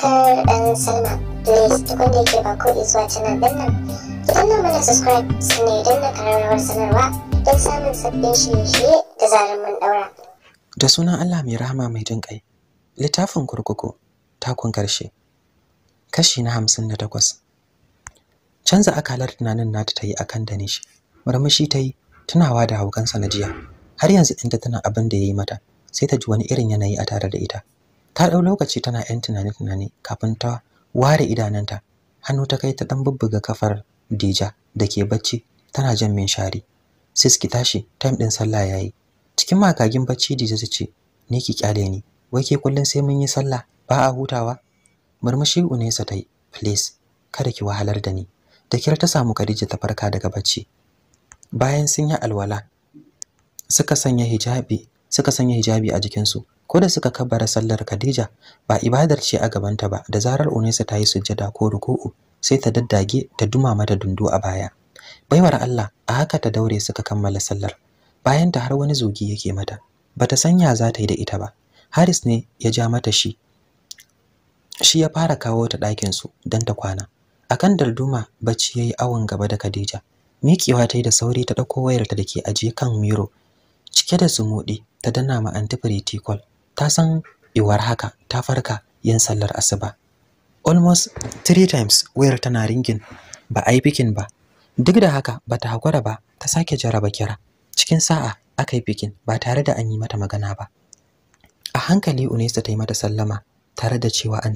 subscribe and sign up. Please tukunde ke ba ko zuwa canal din nan. Ki danna mana subscribe sannan idan na karar sanarwa don samun sabbin shirye-shirye da zarar mun daura. Da sunan Allah mai rahama mai jin ƙai, Littafin kurkuku takun ƙarshe, Kashi na hamsin da takwas. Canza akalar tunanin nata ta yi a kan Danish. Murmushi ta yi tunawa da haukansa na jiya. Har yanzu inda tana abin da ya yi mata sai ta ji wani irin yanayi a tare da ita. ta ɗau lokaci tana yan tunani-tunani kafin ta ware idananta hannu ta kai ta ɗan bubbuga kafar dija da ke bacci tana jan min shari siski tashi time ɗin sallah yayi cikin makagin bacci dija ta ce ni ki kyale ni wai ke kullun sai mun yi sallah ba a hutawa murmushi unesa ta yi please kada ki wahalar da ni da kira ta samu Khadija ta farka daga bacci bayan sun yi alwala suka sanya hijabi suka sanya hijabi a jikinsu ko da suka kabbara sallar Khadija ba ibadar ce a gabanta ba da zarar Unaisa ta yi sujjada ko ruku'u sai ta daddage ta duma mata dundu a baya baiwar Allah a haka ta daure suka kammala sallar bayan ta har wani zogi yake mata bata sanya za ta yi da ita ba Haris ne ya ja mata shi shi ya fara kawo ta ɗakin su don ta kwana akan darduma bacci yayi awon gaba da Khadija miƙewa ta yi da sauri ta ɗauko wayarta da ke ajiye kan miro cike da zumuɗi ta danna ma antifiriti ta san iwar haka ta farka yin sallar asuba almost three times wayar tana ringin ba a yi bikin ba duk da haka ba ta hakura ba ta sake jaraba kira cikin sa'a aka yi bikin ba tare da an yi mata magana ba a hankali Unesa ta yi mata sallama tare da cewa an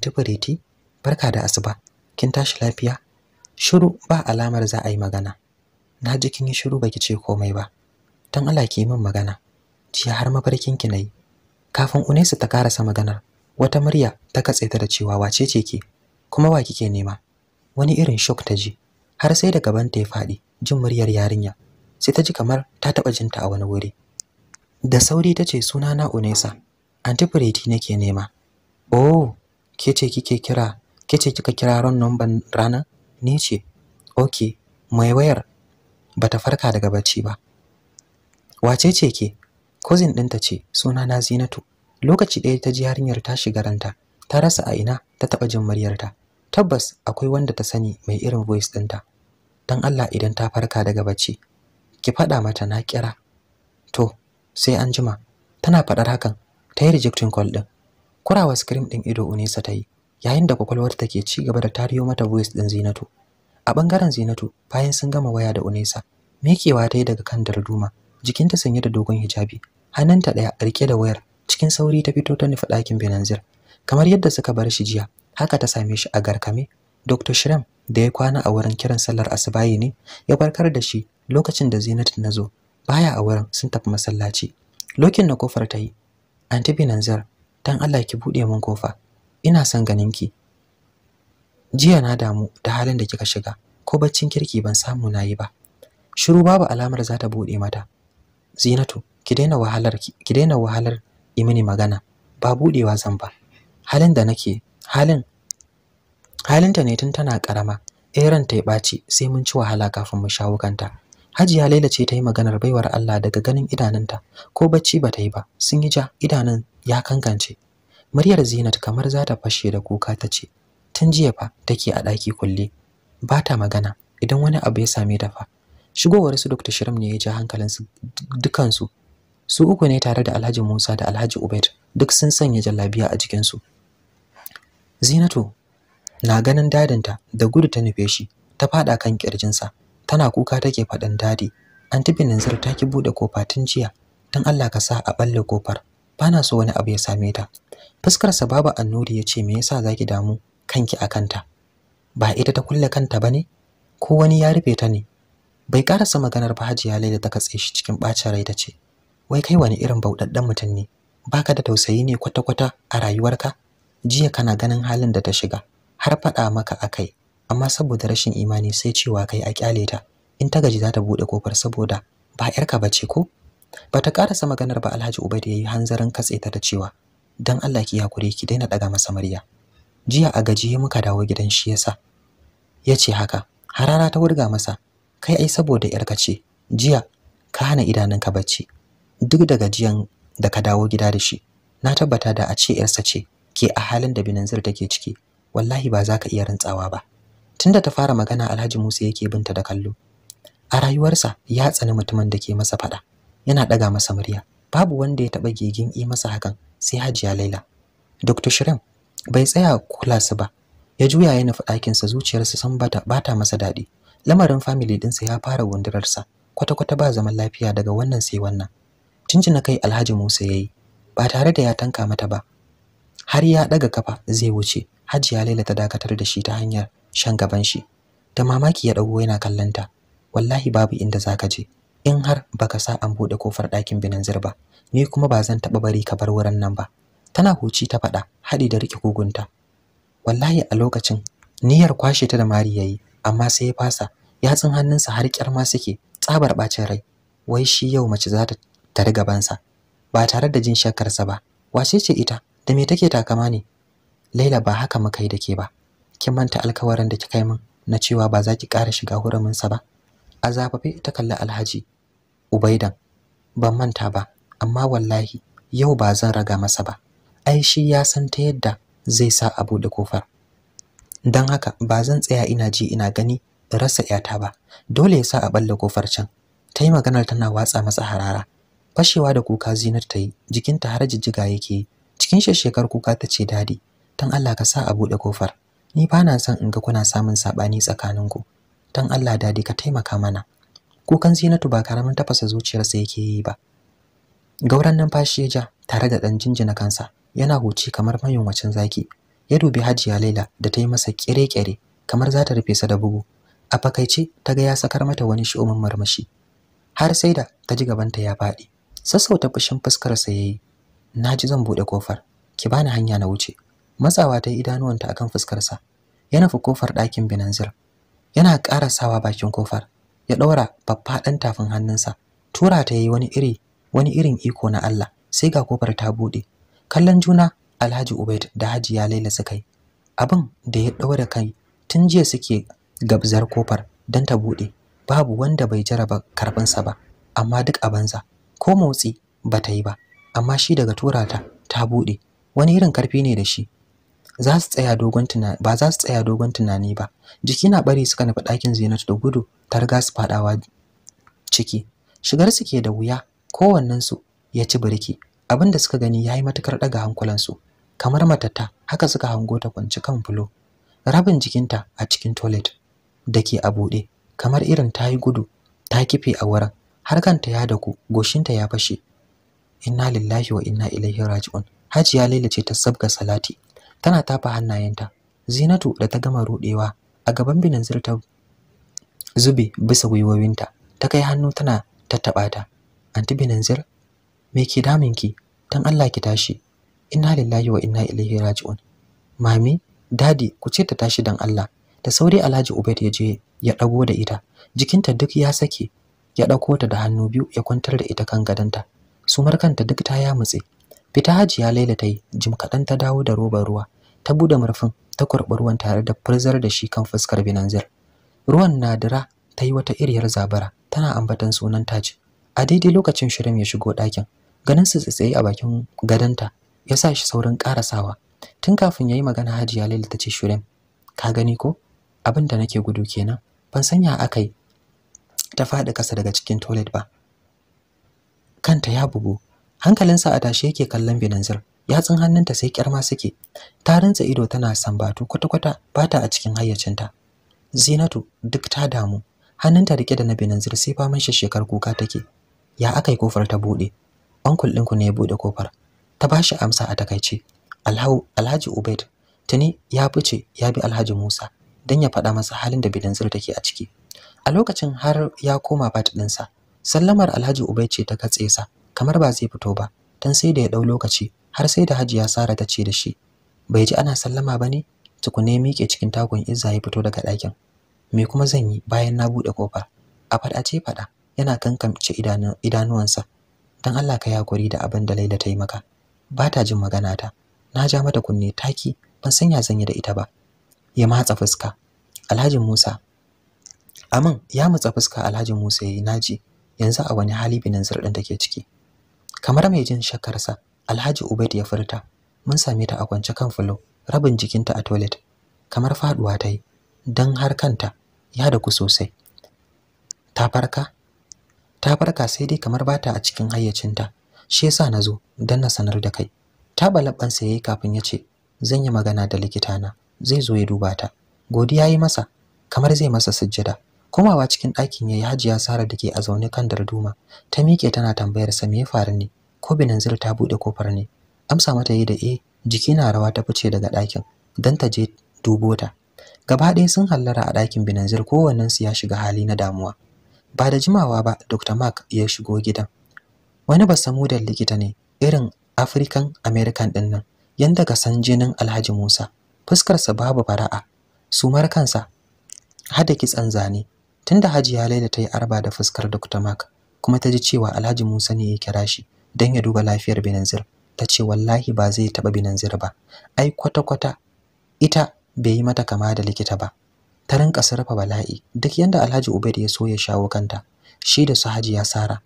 barka da asuba kin tashi lafiya shiru ba alamar za a yi magana na ji kin yi shiru baki ce komai ba Don Allah ki yi min magana jiya har mafarkin ki na yi. Kafin Unesa ta karasa maganar, wata murya ta katse ta da cewa wace ce ke, kuma wa kike nema? Wani irin shock ta ji, har sai da gaban ta ya faɗi jin muryar yarinya. Sai ta ji kamar ta taɓa jinta a wani wuri. Da sauri ta ce na Unesa, anti Pretty nake nema. Oh, ke ce kike kira, ke ce kika kira ran number rana? Ni ce. Okay, mai wayar bata farka daga bacci ba. Wace ce ke? Cousin ɗinta ce, suna na Zinatu. lokaci ɗaya ta ji yarinyar ta shiga ranta ta rasa a ina ta taɓa jin muryarta tabbas akwai wanda ta sani mai irin voice ɗinta don allah idan ta farka daga bacci ki faɗa mata na kira to sai an jima tana faɗar hakan ta yi rejecting call ɗin kurawa screen ɗin ido unesa ta yi yayin da kwakwalwar ta ke ci gaba da tariyo mata voice ɗin zinatu a ɓangaren zinatu bayan sun gama waya da unesa miƙewa ta yi daga kan darduma jikinta sanye da dogon hijabi hannunta ɗaya rike da wayar cikin sauri ta fito ta nufi ɗakin Benanzir. Kamar yadda suka bar shi jiya, haka ta same shi a garkame. Dr. Shrem, da ya kwana a wurin kiran sallar asubahi ne ya barkar da shi lokacin da Zinat na zo. Baya a wurin sun tafi masallaci. Lokin na kofar ta yi. Anti Benanzir, dan Allah ki buɗe min kofa. Ina son ganin ki. Jiya na damu da halin da kika shiga, ko baccin kirki ban samu na yi ba. Shiru babu alamar za ta buɗe mata. Zinatu, ki daina wahalar ki daina wahalar yi mini magana ba budewa zan ba halin da nake halin halinta ne tun tana karama eh ta yi ɓaci sai mun ci wahala kafin mu shawo kanta Hajiya Laila ce ta yi maganar baiwar Allah daga ganin idanunta ko bacci ba ta yi ba sun yi ja idanun ya kankance Muryar Zinat kamar za ta fashe da kuka ta ce tun jiya fa take a ɗaki kulle ba ta magana idan wani abu ya same ta fa shigowar su Dr. Shirim ne ya ja hankalinsu dukansu su uku ne tare da Alhaji Musa da Alhaji Ubaid duk sun sanya jallabiya a jikinsu Zinatu na ganin dadinta da gudu ta nufe shi ta fada kan kirjinsa tana kuka take faɗin dadi antibin nanzar ta ki bude kofa tun jiya don Allah ka sa a balle kofar bana so wani abu ya same ta Fuskarsa babu annuri ya ce me yasa zaki damu kanki a kanta ba ita ta kulle kanta ba ne? ko wani ya rufe ta ne bai karasa maganar ba hajiya laida ta katse shi cikin bacin rai ta ce wai kai wani irin bauɗaɗɗen mutum ne baka da tausayi ne kwata-kwata a rayuwarka jiya kana ganin halin da ta shiga har faɗa maka a kai. amma saboda rashin imani sai cewa kai a ƙyale ta in ta gaji za ta buɗe kofar saboda ba yarka bace ko bata ƙarasa maganar ba Alhaji da ya yi hanzarin katse ta da cewa dan Allah ki hakuri ki daina ɗaga masa murya jiya a gaji ya muka dawo gidan shi yasa ce haka harara ta wurga masa kai ai saboda yarka ce jiya ka hana idanunka bacci duk da gajiyan da ka dawo gida da shi na tabbata da a ce yarsa ce ke a halin da binanzir take ciki wallahi ba za ka iya rantsawa ba tunda ta fara magana Alhaji Musa yake binta da kallo a rayuwarsa ya tsani mutumin da ke masa fada yana daga masa murya babu wanda ya taba gigin yi masa hakan sai Hajiya Laila Dr. Shirin bai tsaya kula su ba ya juya ya nufi ɗakin sa zuciyarsa san bata bata masa daɗi lamarin family ɗinsa ya fara wundurarsa kwata-kwata ba zaman lafiya daga wannan sai wannan Cincina kai Alhaji Musa yayi ba tare da ya tanka mata ba. Har ya daga kafa zai wuce. Hajiya Laila ta dakatar da shi ta hanyar shan gaban shi. Da mamaki ya dago yana kallanta. Wallahi babu inda zaka je in har baka sa an bude kofar ɗakin binan zirba. Ni kuma ba zan taba bari ka bar wurin nan ba. Tana huci ta faɗa Hadi da rike kugunta. Wallahi a lokacin niyyar kwashe ta da mari yayi amma sai ya fasa yatsun hannunsa har kyar ma suke tsabar bacin rai wai shi yau mace za ta ta gabansa, ba tare da jin shakkarsa ba wace ce ita da me take takama ne Laila ba haka muka yi da ke ba kin manta alkawarin da kika yi min na cewa ba za ki ƙara shiga sa ba a zafafe ta kalli Alhaji Ubaidan ban manta ba amma wallahi yau ba zan raga masa ba ai shi ya san ta yadda zai sa a buɗe kofar dan haka ba zan tsaya ina ji ina gani rasa yata ba dole ya sa a balle kofar can ta yi maganar tana watsa masa harara fashewa da kuka zinar ta yi jikinta har jijjiga yake cikin shekar kuka ta ce dadi dan Allah ka sa a bude kofar ni ba na son in ga kuna samun sabani tsakaninku dan Allah dadi ka taimaka mana kukan zinatu ba karamin tafasa zuciyar sa yake yi ba gauran nan tare da dan jinjina kansa yana huci kamar wacin zaki ya dubi hajiya laila da ta yi masa kire-kire kamar za ta rufe sa da bugu a fakaice ta ga ya sakar mata wani shi'umin marmashi har sai da ta ji gabanta ya faɗi sassauta fushin fuskar sa yayi naji zan bude kofar ki bani hanya na wuce matsawa ta idanuwanta akan fuskarsa. sa ya nafi kofar ɗakin binanzir yana ƙarasawa bakin kofar ya ɗaura faffaɗan tafin hannunsa tura ta yi wani iri wani irin iko na Allah sai ga kofar ta buɗe kallon juna Alhaji Ubaid da Hajiya Laila suka yi abin da ya ɗaura kai tun jiya suke gabzar kofar don ta buɗe babu wanda bai jaraba karɓinsa ba amma duk a banza ko motsi ba ta yi ba amma shi daga tura ta ta buɗe wani irin karfi ne da shi za su tsaya dogon tunani ba za su tsaya dogon tunani ba jiki na bari suka nufi ɗakin Zinatu da gudu ta riga su faɗawa ciki shigar su ke da wuya kowannen su ya ci birki abin da suka gani yayi matukar daga hankulan su kamar matata haka suka hango ta kwanci kan fulo rabin jikinta a cikin toilet da ke a buɗe kamar irin ta yi gudu ta kife a wurin har kanta ya daku goshinta ya fashe inna lillahi wa inna ilaihi raji'un hajiya laila ce ta sabga salati tana tafa hannayenta zinatu da ta gama rudewa a gaban binanzir ta zube bisa gwiwowinta ta kai hannu tana tattaɓata. ta anti binanzir me ke daminki dan Allah ki tashi inna lillahi wa inna ilaihi raji'un mami dadi ku ce ta tashi dan Allah da sauri Alhaji Ubaid ya je ya dago da ita jikinta duk ya sake ya ɗauko ta da hannu biyu ya kwantar da ita kan gadonta su markanta duk ta yamutse fita hajiya laila ta yi jim kaɗan ta dawo da robar ruwa ta buɗe murfin ta kurɓi ruwan tare da furzar da shi kan fuskar binanzir ruwan na dira ta yi wata iriyar zabara tana ambatan sunan taji a daidai lokacin shirin ya shigo ɗakin ganin su tsaye a bakin gadonta ya sa shi saurin ƙarasawa tun kafin ya yi magana hajiya laila ta ce shirin ka gani ko Abinda da nake gudu kenan ban sanya aka yi. ta faɗi ƙasa daga cikin toilet ba kanta ya bugu hankalinsa a tashe yake kallon binanzir yatsun hannunta sai ma suke ta rantsa ido tana sambatu kwata-kwata ba ta a cikin hayyacinta zinatu duk ta damu hannunta rike da na binanzir sai faman shekar kuka take ya aka yi kofar ta buɗe onkul ɗinku ne ya buɗe kofar ta ba shi amsa a takaice alhaji ubaid tuni ya fice ya bi alhaji musa don ya faɗa masa halin da binanzir take a ciki a lokacin har ya koma bat ɗinsa sallamar alhaji ubai ce ta katse sa kamar ba zai fito ba dan sai da ya ɗau lokaci har sai da hajiya sara ta ce da shi bai ji ana sallama ba ne tukune miƙe cikin takon izza ya fito daga ɗakin me kuma zan yi bayan na bude kofa a faɗace faɗa yana kankamce idanuwansa dan allah ka yakuri da abin da laila ta yi maka ba ta jin magana ta na ja mata kunne taki ban sanya zan yi da ita ba ya matsa fuska alhaji musa amin ya mutsa fuska alhaji musa yayin naji yanzu a wani hali binanzir ɗin ke ciki kamar mai jin shakarsa alhaji ubaid ya furta mun same ta a kwance kan fulo rabin jikinta a toilet kamar faduwa ta yi dan har kanta ya ku sosai ta farka ta farka sai dai kamar bata a cikin hayyacinta shi yasa na zo don na sanar da kai ta ya yayi kafin ya ce zan yi magana da likitana zai zo ya duba ta godiya yi masa kamar zai masa sujjada komawa cikin ɗakin yayi hajiya Sara da ke a zaune kan darduma ta miƙe tana tambayar sa me ya faru ne ko Binanzir ta buɗe kofar ne amsa mata yi da eh jiki na rawa ta fice daga ɗakin dan ta je dubo ta gaba ɗaya sun hallara a ɗakin Binanzir kowannensu ya shiga hali na damuwa ba da jimawa ba Dr. Mark ya shigo gidan wani ba samu da likita ne irin African American din nan yanda ka san jinin Alhaji Musa fuskarsa babu fara'a sumar kansa hada kitsan zane tunda Hajiya Laila ta yi arba da fuskar Dr. Mark kuma ta ji cewa Alhaji Musa ne ya kira shi don ya duba lafiyar Binanzir ta ce wallahi ba zai taɓa Binanzir ba ai kwata-kwata ita bai yi mata kama da likita ba ta rinka sarrafa bala'i duk yanda Alhaji Ubaid ya so ya shawo kanta shi da su Hajiya Sara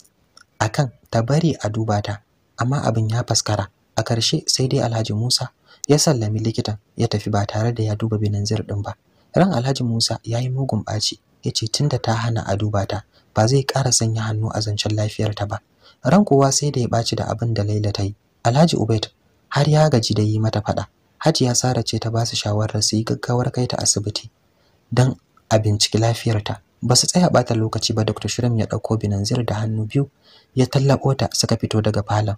akan ta bari a duba ta amma abin ya faskara a ƙarshe sai dai Alhaji Musa ya sallami likitan ya tafi ba tare da ya duba Binanzir din ba ran Alhaji Musa ya yi mugun ɓaci ya ce tun da ta hana a duba ta ba zai ƙara sanya hannu a zancen lafiyarta ba ran kowa sai da ya ɓaci da abin da Laila ta yi Alhaji Ubaid har ya gaji da yi mata faɗa Hajiya Sara ce ta ba su shawarar su yi gaggawar kai ta asibiti don a binciki lafiyarta ba su tsaya bata lokaci ba Dr. Shirim ya ɗauko Binanzir da hannu biyu ya tallabo ta suka fito daga falon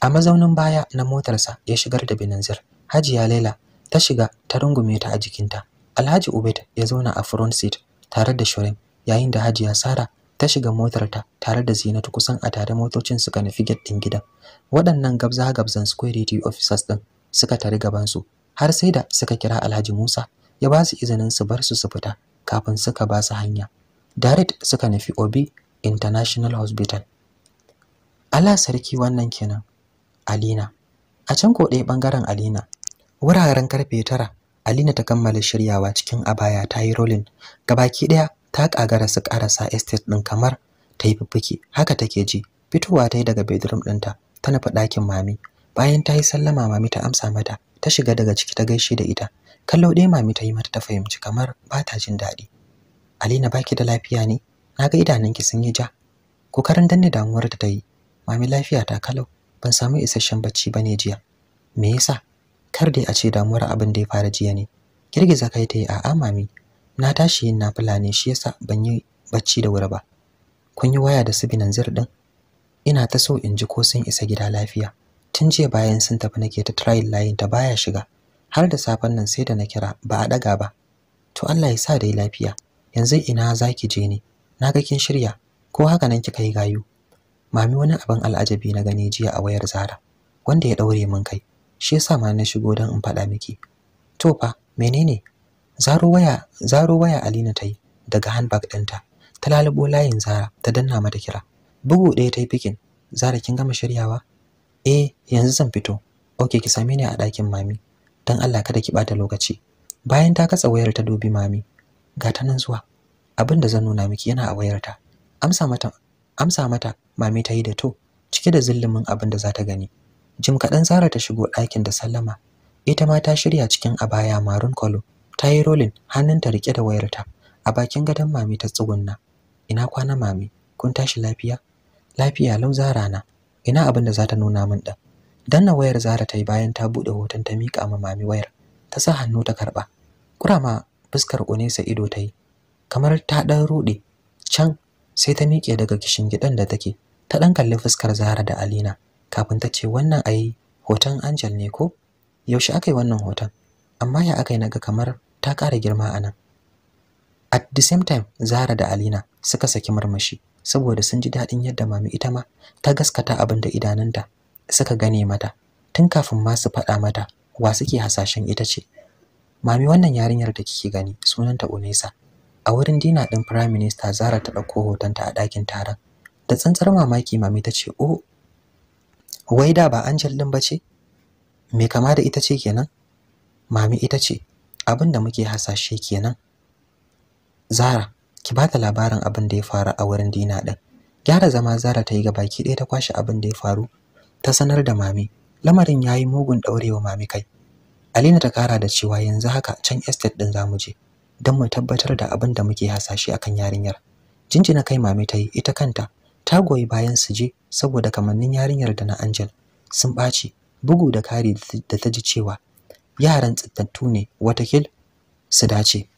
a mazaunin baya na motarsa ya shigar da Binanzir Hajiya Laila ta shiga ta rungume ta a jikinta Alhaji Ubaid ya zauna a front seat tare da Shurim yayin da Hajiya Sara ta shiga motarta tare da Zinatu kusan a tare motocin suka nufi gate din gidan. Waɗannan gabza gabzan security officers din suka tare gaban su har sai da suka kira Alhaji Musa ya ba su izinin su bar su su fita kafin suka ba su hanya. Direct suka nufi Obi International Hospital. Allah sarki wannan kenan. Alina. A can ko ɗaya ɓangaren Alina, wuraren karfe tara Alina ta kammala shiryawa cikin abaya ta yi rolling. Gabaki ɗaya ta kagara su karasa estate ɗin kamar ta yi fiffike. Haka take ji. Fitowa ta yi daga bedroom ɗinta, ta nufi ɗakin mami. Bayan ta yi sallama mami ta amsa mata, ta shiga daga ciki ta gaishe da ita. Kallo ɗaya mami ta yi mata ta fahimci kamar ba ta jin daɗi. Alina baki da lafiya ne? Na ga idanunki sun yi ja. Kokarin danne damuwar ta yi. Mami lafiya ta kalau. Ban samu isasshen bacci ba ne jiya. Me yasa? kar dai a ce damuwar abin da ya fara jiya ne girgiza kai ta yi a'a mami na tashi yin na ne shi yasa ban yi bacci da wuri ba kun yi waya da su binanzir din ina ta so in ji ko sun isa gida lafiya tun jiya bayan sun tafi nake ta trial line ta baya shiga har da safen nan sai da na kira ba a daga ba to Allah ya sa dai lafiya yanzu ina zaki je ne na ga kin shirya ko haka nan kika yi gayu mami wani abin al'ajabi na gani jiya a wayar Zara wanda ya daure min kai shi yasa ma na shigo don in faɗa miki to fa menene zaro waya zaro waya Alina ta yi daga handbag ɗinta ta lalubo layin Zara ta danna mata kira bugu ɗaya ta yi fikin Zara kin gama shiryawa eh yanzu zan fito okay ki same ni a ɗakin mami dan Allah kada ki bata lokaci bayan ta katsa wayar ta dubi mami ga ta nan zuwa abin da zan nuna miki yana a ta amsa mata amsa mata mami ta yi da to cike da zullumin abin da za ta gani jim kaɗan zara ta shigo ɗakin da sallama ita ma ta shirya cikin abaya marun kwalo ta yi rolin hannunta riƙe da wayarta a bakin gadon mami ta tsugunna ina kwana mami kun tashi lafiya lafiya lau zara na ina abin da za ta nuna min ɗan danna wayar zara ta yi bayan ta buɗe hoton ta miƙa ma mami wayar ta sa hannu ta karɓa kurama fuskar unesa ido ta yi kamar ta ɗan ruɗe can sai ta miƙe daga kishin gidan da take ta ɗan kalli fuskar zara da alina kafin ta ce wannan ai hoton Angel ne ko yaushe aka yi wannan hoton amma ya aka yi naga kamar ta ƙara girma a nan at the same time Zara da Alina suka saki murmushi, saboda sun ji daɗin yadda mami ita ma ta gaskata abin da idanunta suka gane mata tun kafin ma su faɗa mata wa suke hasashen ita ce mami wannan yarinyar da kike gani sunanta Onesa a wurin dina din Prime Minister Zara ta ɗauko hotonta a ɗakin taron da tsantsar mamaki mami ta ce o oh, wai da ba angel ba ce? me kama da ita ce kenan mami ita ce abin muke hasashe kenan Zara ki ba ta labarin abin da ya faru a wurin Dina ɗin. gyara zama Zara ta yi baki ɗaya ta kwashe abin da ya faru ta sanar da mami lamarin yayi mugun daurewa mami kai Alina ta kara da cewa yanzu haka can estate din zamu je don mu tabbatar da abin da muke hasashe akan yarinyar jinjina kai mami ta yi ita kanta ta goyi bayan su je saboda kamannin yarinyar da na Angel sun ɓaci bugu da kari da ta ji cewa yaran tsittattu ne watakil su dace.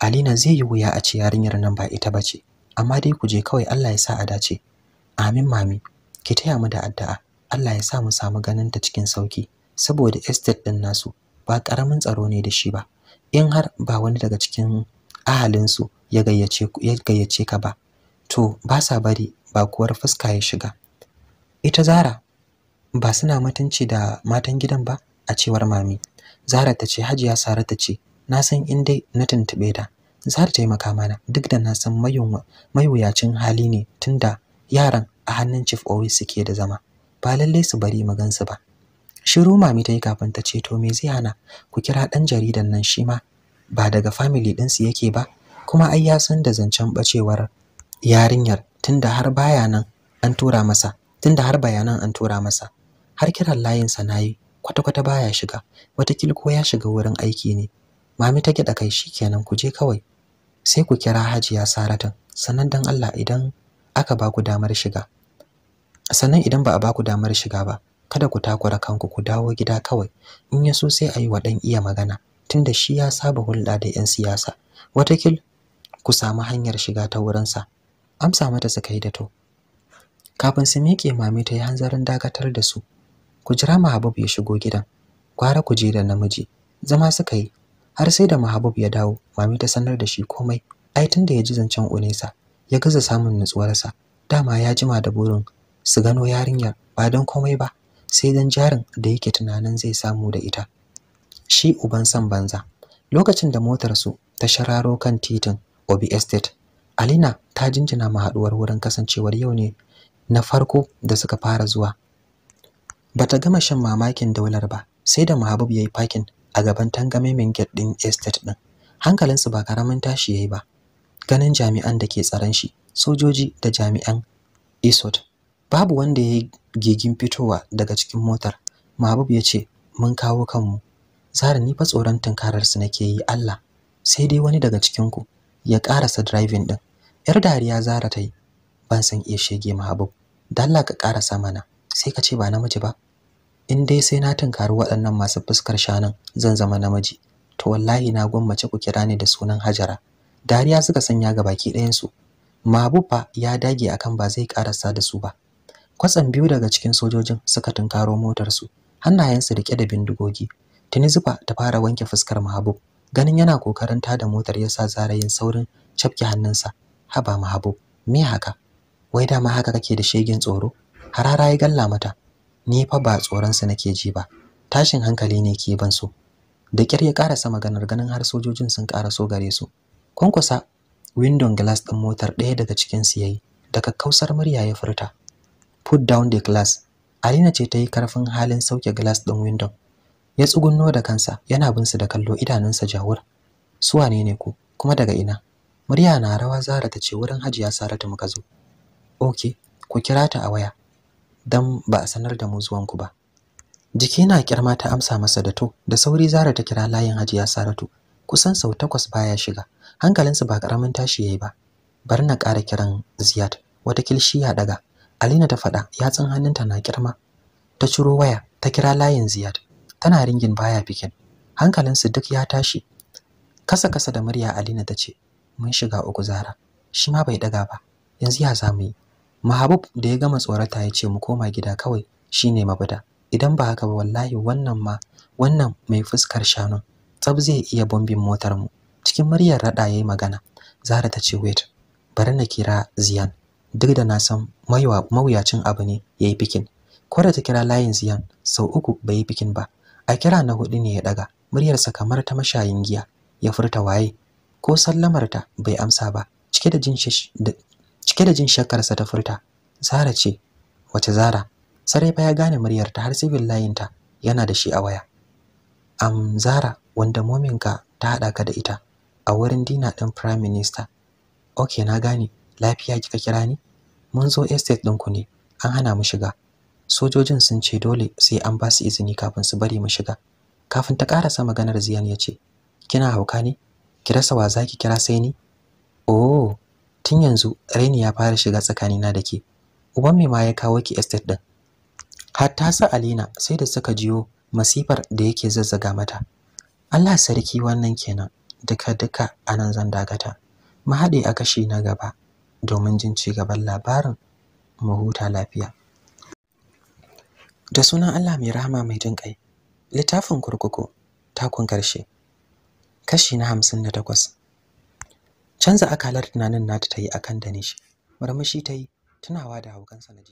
Alina zai yi wuya a ce yarinyar nan ba ita ba ce, amma dai ku je kawai Allah ya sa a dace. Amin mami, ki taya mu da addu'a. Allah ya sa mu samu ganin ta cikin sauki saboda estate din nasu ba karamin tsaro ne da shi ba. In har ba wani daga cikin ahalinsu ya gayyace ka ba, to ba sa bari ba kuwar fuska ya shiga ita zara ba suna mutunci da matan gidan ba a cewar mami zara ta ce hajiya sara ta ce na san in dai na tuntube ta Zara ta yi makamana. duk da na san wuyacin hali ne tunda yaran a hannun chief owi suke da zama ba lallai su bari mu gansu ba shiru mami ta yi kafin ta ce to me zai hana ku kira ɗan jaridan nan shi ma ba daga family ɗinsu yake ba kuma ai ya san da zancen ɓacewar yarinyar tunda har baya an tura masa tunda har bayanan an tura masa har kiran layin sa nayi kwata kwata baya shiga wata kilko ya shiga wurin aiki ne mami ta gida kai shikenan ku je kawai sai ku kira Hajiya Saratan sannan dan Allah idan aka ba ku damar shiga sannan idan ba a ba ku damar shiga ba kada ku takura kanku ku dawo gida kawai in ya so sai a yi wa dan iya magana tunda shi ya saba hulɗa da 'yan siyasa watakil ku samu hanyar shiga ta wurinsa amsa mata suka yi da to kafin su miƙe mami ta yi hanzarin dakatar da su ku jira mahabub ya shigo gidan gwara ku je da namiji zama suka yi har sai da mahabub ya dawo mami ta sanar da shi komai ai tun da ya ji zancen unesa ya gaza samun nutsuwarsa dama ya jima da burin su gano yarinyar ba don komai ba sai don jarin da yake tunanin zai samu da ita shi uban san banza lokacin da motar su ta shararo kan titin obi estate Alina ta jinjina ma haduwar wurin kasancewar yau ne na farko da suka fara zuwa. Bata gama shan mamakin daular ba, sai da Mahabub yi parking a gaban tangamemin gate din estate din. Hankalinsu ba karamin tashi ya yi ba. Ganin jami'an da ke tsaron shi, sojoji da jami'an Isot. Babu wanda ya yayi gigin fitowa daga cikin motar. Mahabub ya ce, "Mun kawo kanmu." Zara ni fa tsoron tunkararsu su ke yi Allah. Sai dai wani daga cikin ku ya karasa driving din. yar dariya zara ta yi ban san iya shege mahabub da Allah ka karasa mana sai ka ce ba namiji ba in dai sai na tunkari waɗannan masu fuskar shanun, zan zama namiji to wallahi na gwammace ku kira ni da sunan Hajara dariya suka sanya ga baki ɗayansu. su mahabuba ya dage akan ba zai karasa da su ba kwatsan biyu daga cikin sojojin suka tunkaro motarsu. hannayensu rike da bindigogi tuni zuba ta fara wanke fuskar mahabub ganin yana kokarin tada motar yasa zara yin saurin cafke hannunsa haba habo me haka wai dama haka kake da shegin tsoro harara ya galla mata ni fa ba tsoron su nake ji ba tashin hankali ne ke ban so da kyar ya karasa maganar ganin har sojojin sun karaso gare su kwankwasa windon glass din motar ɗaya daga cikin su yayi daga kausar murya ya furta put down the glass Alina ce ta yi karfin halin sauke glass din windon ya tsugunno da kansa yana bin su da kallo idanunsa jawur su wane ne ku kuma daga ina Murya na rawa Zara ta ce wurin Hajiya Saratu muka zo. Okay, ku kira ta a waya. Dan ba a sanar da mu zuwan ku ba. Jiki na kirma ta amsa masa da to, da sauri Zara ta kira layin Hajiya Saratu. Kusan sau takwas baya shiga. Hankalinsu ba karamin tashi yayi ba. Bari na ƙara kiran Ziyad. Wata kilshi ya daga. Alina ta faɗa, yatsun hannunta na kirma. Ta ciro waya, ta kira layin Ziyad. Tana ringin baya bikin. Hankalinsu duk ya tashi. Kasa kasa da murya Alina ta ce, mun shiga uku zara shi ma bai daga ba yanzu ya zamu yi mahabub da ya gama tsorata ya ce mu koma gida kawai shine mafita idan ba haka ba wallahi wannan ma wannan mai fuskar shanu. tsab zai iya bombin motar mu cikin muryar rada yayi magana zara ta ce wait bari na kira ziyan duk da na san mawuyacin abu ne yayi bikin kwara ta kira layin ziyan sau uku bai yi bikin ba a kira na hudu ne ya daga muryarsa kamar ta mashayin giya ya furta waye ko sallamarta bai amsa ba cike da jin cike da jin sa ta furta Zara ce wace Zara sarai fa ya gane muryarta har sibin ta yana da shi a waya am Zara wanda ka ta hada ka da ita a wurin dina din prime minister okay na gane lafiya kika kira ni mun zo estate din ku ne an hana mu shiga sojojin sun ce dole sai an ba su izini kafin su bari mu shiga kafin ta karasa maganar ziyan ya ce kina hauka ne ki rasa wa zaki kira sai ni oh tun yanzu raini ya fara shiga tsakanina da ke uban mai ma ya kawo ki estate din hatta sa alina sai da suka jiyo masifar da yake zazzaga mata Allah sarki wannan kenan duka duka anan zan dagata mu hade a kashi na gaba domin jin ci gaban labarin mu huta lafiya da sunan Allah mai rahama mai jin kai littafin kurkuku takun karshe kashi na hamsin da takwas canza akalar tunanin nata ta yi akan danish murmushi ta yi tunawa da haukansa na